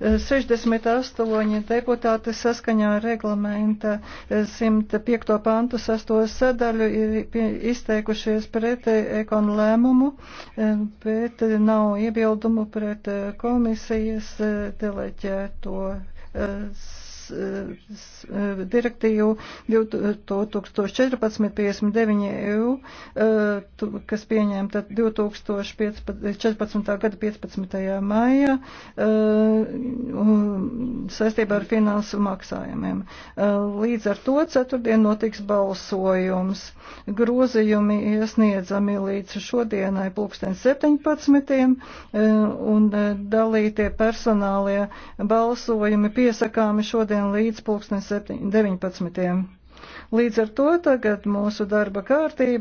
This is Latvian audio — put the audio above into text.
68 deputāti saskaņā ar reglamenta 105. Eh, pantu 6. sadaļu ir izteikušies pret eh, ekonu lēmumu, eh, bet nav iebildumu pret komisijas deleģēto direktīvu 2014-59 EU, e, kas pieņemta 2014. gada 15. maija. E, saistībā ar finansu maksājumiem. Līdz ar to ceturtdien notiks balsojums. Grozījumi iesniedzami līdz šodienai pulksten 17. un dalītie personālie balsojumi piesakāmi šodien līdz pulksten 19. Līdz ar to tagad mūsu darba kārtība